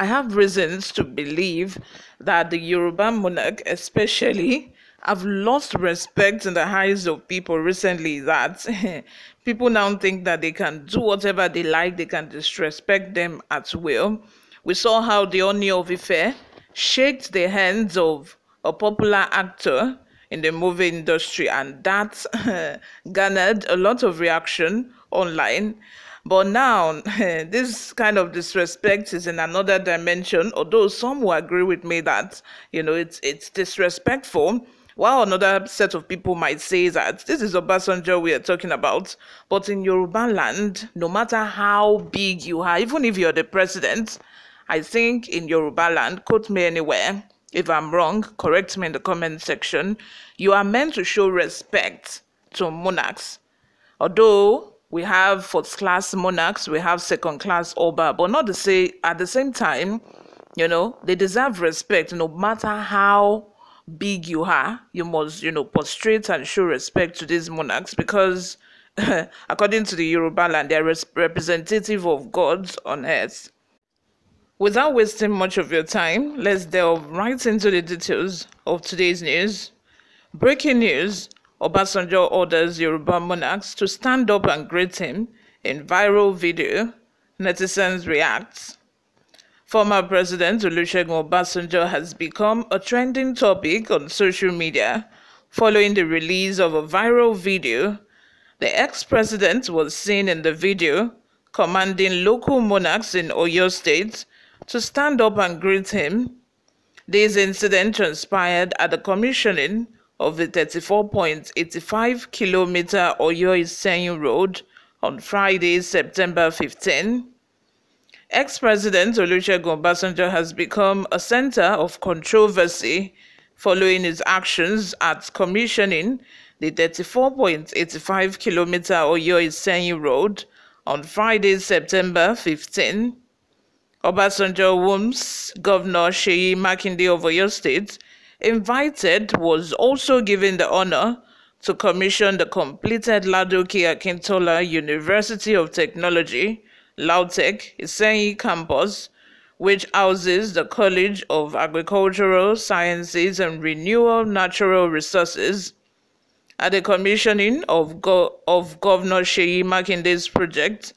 I have reasons to believe that the Yoruba monarch, especially, have lost respect in the eyes of people recently. That people now think that they can do whatever they like, they can disrespect them at will. We saw how the Oni of Ife shaked the hands of a popular actor in the movie industry, and that garnered a lot of reaction online. But now, this kind of disrespect is in another dimension, although some will agree with me that, you know, it's, it's disrespectful. While another set of people might say that this is Obasanjo we are talking about, but in Yoruba land, no matter how big you are, even if you're the president, I think in Yoruba land, quote me anywhere, if I'm wrong, correct me in the comment section. You are meant to show respect to monarchs. Although we have fourth class monarchs, we have second class Oba, but not to say at the same time, you know, they deserve respect no matter how big you are. You must, you know, prostrate and show respect to these monarchs because, according to the Yoruba land, they're representative of gods on earth. Without wasting much of your time, let's delve right into the details of today's news. Breaking news Obasanjo orders Yoruba monarchs to stand up and greet him in viral video. Netizens react. Former President Olusegun Obasanjo has become a trending topic on social media following the release of a viral video. The ex-president was seen in the video commanding local monarchs in Oyo State to stand up and greet him. This incident transpired at the commissioning of the 34.85 kilometer Oyo Isenyi Road on Friday, September 15. Ex-President Olusegun Obasanjo has become a center of controversy following his actions at commissioning the 34.85 kilometer Oyo Isenyi Road on Friday, September 15. Obasanjo Wombs, Governor Sheyi Makinde of Oyo State, Invited was also given the honor to commission the completed Ladoke Akintola University of Technology, Lautech, Isenyi campus, which houses the College of Agricultural Sciences and Renewal Natural Resources. At the commissioning of, Go- of Governor Sheyi Makinde's project,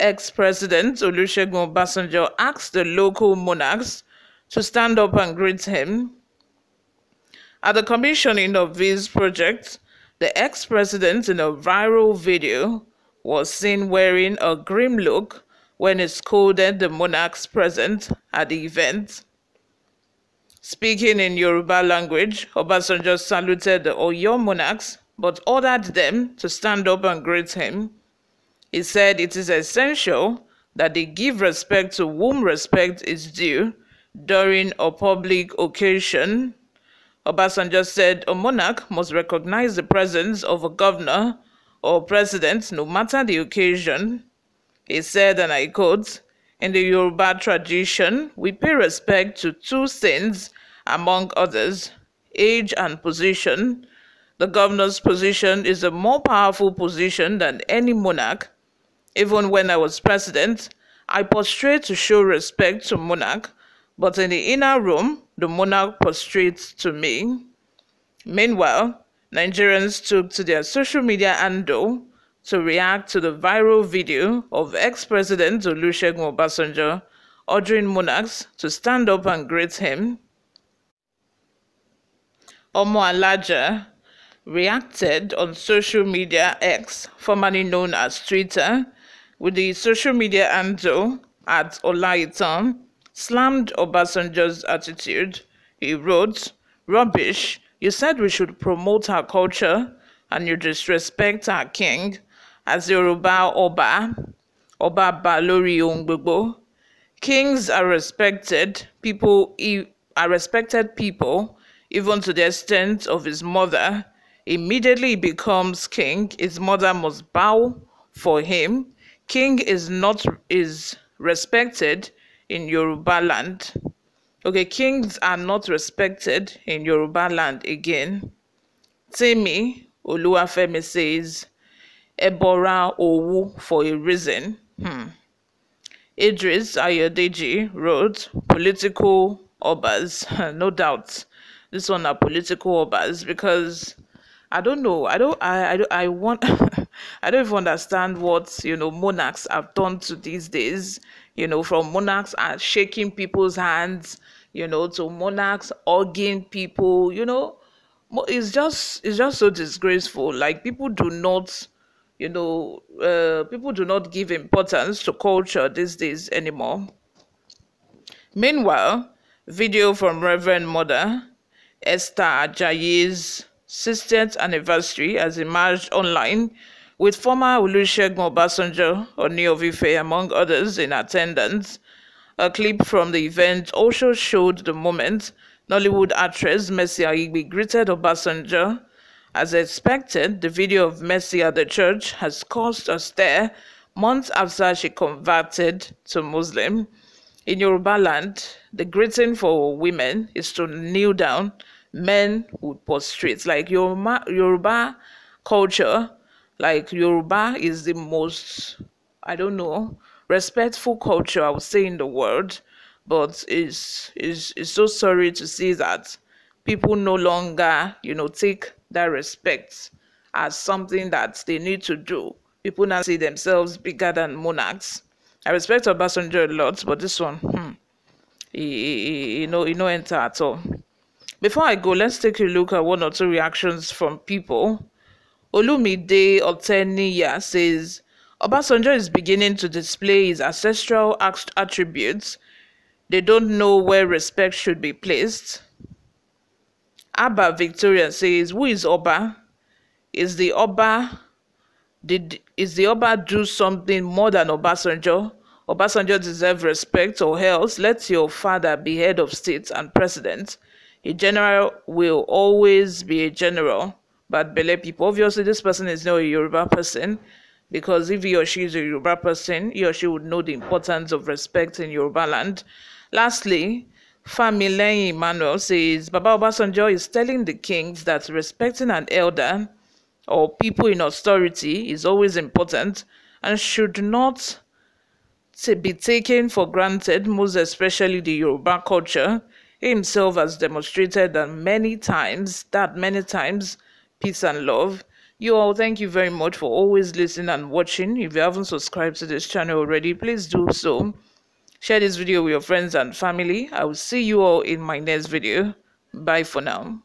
ex-president Olusegun Obasanjo asked the local monarchs to stand up and greet him at the commissioning of this project, the ex president in a viral video was seen wearing a grim look when he scolded the monarchs present at the event. Speaking in Yoruba language, Obasanjo saluted the Oyo monarchs but ordered them to stand up and greet him. He said it is essential that they give respect to whom respect is due during a public occasion Obasanjo said a monarch must recognize the presence of a governor or president no matter the occasion. He said, and I quote, in the Yoruba tradition, we pay respect to two things, among others, age and position. The governor's position is a more powerful position than any monarch. Even when I was president, I portrayed to show respect to monarch but in the inner room, the monarch prostrates to me. Meanwhile, Nigerians took to their social media handle to react to the viral video of ex-president Olusegun Obasanjo ordering monarchs to stand up and greet him. Omo Alaja reacted on social media X, formerly known as Twitter, with the social media handle at Olaitan slammed Obasanjo's attitude. He wrote, Rubbish, you said we should promote our culture and you disrespect our king as Yoruba Oba, Oba Balori Ongbogbo. Kings are respected, people are respected people, even to the extent of his mother. Immediately he becomes king, his mother must bow for him. King is not is respected in Yoruba land. Okay, kings are not respected in Yoruba land again. Timi Oluwafemi says, Ebora Owu for a reason. Hmm. Idris Ayodeji wrote, Political obas, no doubt. This one are political obas because I don't know. I don't. I. I. Don't, I want. I don't even understand what you know monarchs have done to these days. You know, from monarchs are shaking people's hands. You know, to monarchs hugging people. You know, it's just it's just so disgraceful. Like people do not, you know, uh, people do not give importance to culture these days anymore. Meanwhile, video from Reverend Mother Esther Ajayi's 60th anniversary as he marched online with former Olusegun Obasanjo Oni of among others in attendance. A clip from the event also showed the moment Nollywood actress Mercy Aigbe greeted Obasanjo. As expected, the video of Mercy at the church has caused a stir months after she converted to Muslim. In Yoruba land, the greeting for women is to kneel down men would prostrate. Like Yoruba, Yoruba culture, like Yoruba is the most, I don't know, respectful culture I would say in the world. But it's, it's, it's so sorry to see that people no longer, you know, take that respect as something that they need to do. People now see themselves bigger than monarchs. I respect Obasanjo a lot, but this one, hmm, he, he, he, he no, he no enter at all. Before I go, let's take a look at one or two reactions from people. Olumide Oteniya says, Obasanjo is beginning to display his ancestral attributes. They don't know where respect should be placed. Abba Victoria says, Who is Oba? Is the Oba did is the Oba do something more than Obasanjo? Obasanjo deserves respect or else let your father be head of state and president a general will always be a general. But Bele people, obviously, this person is not a Yoruba person because if he or she is a Yoruba person, he or she would know the importance of respect in Yoruba land. Lastly, Famile Emmanuel says Baba Obasanjo is telling the kings that respecting an elder or people in authority is always important and should not be taken for granted, most especially the Yoruba culture himself has demonstrated that many times, that many times, peace and love. You all, thank you very much for always listening and watching. If you haven't subscribed to this channel already, please do so. Share this video with your friends and family. I will see you all in my next video. Bye for now.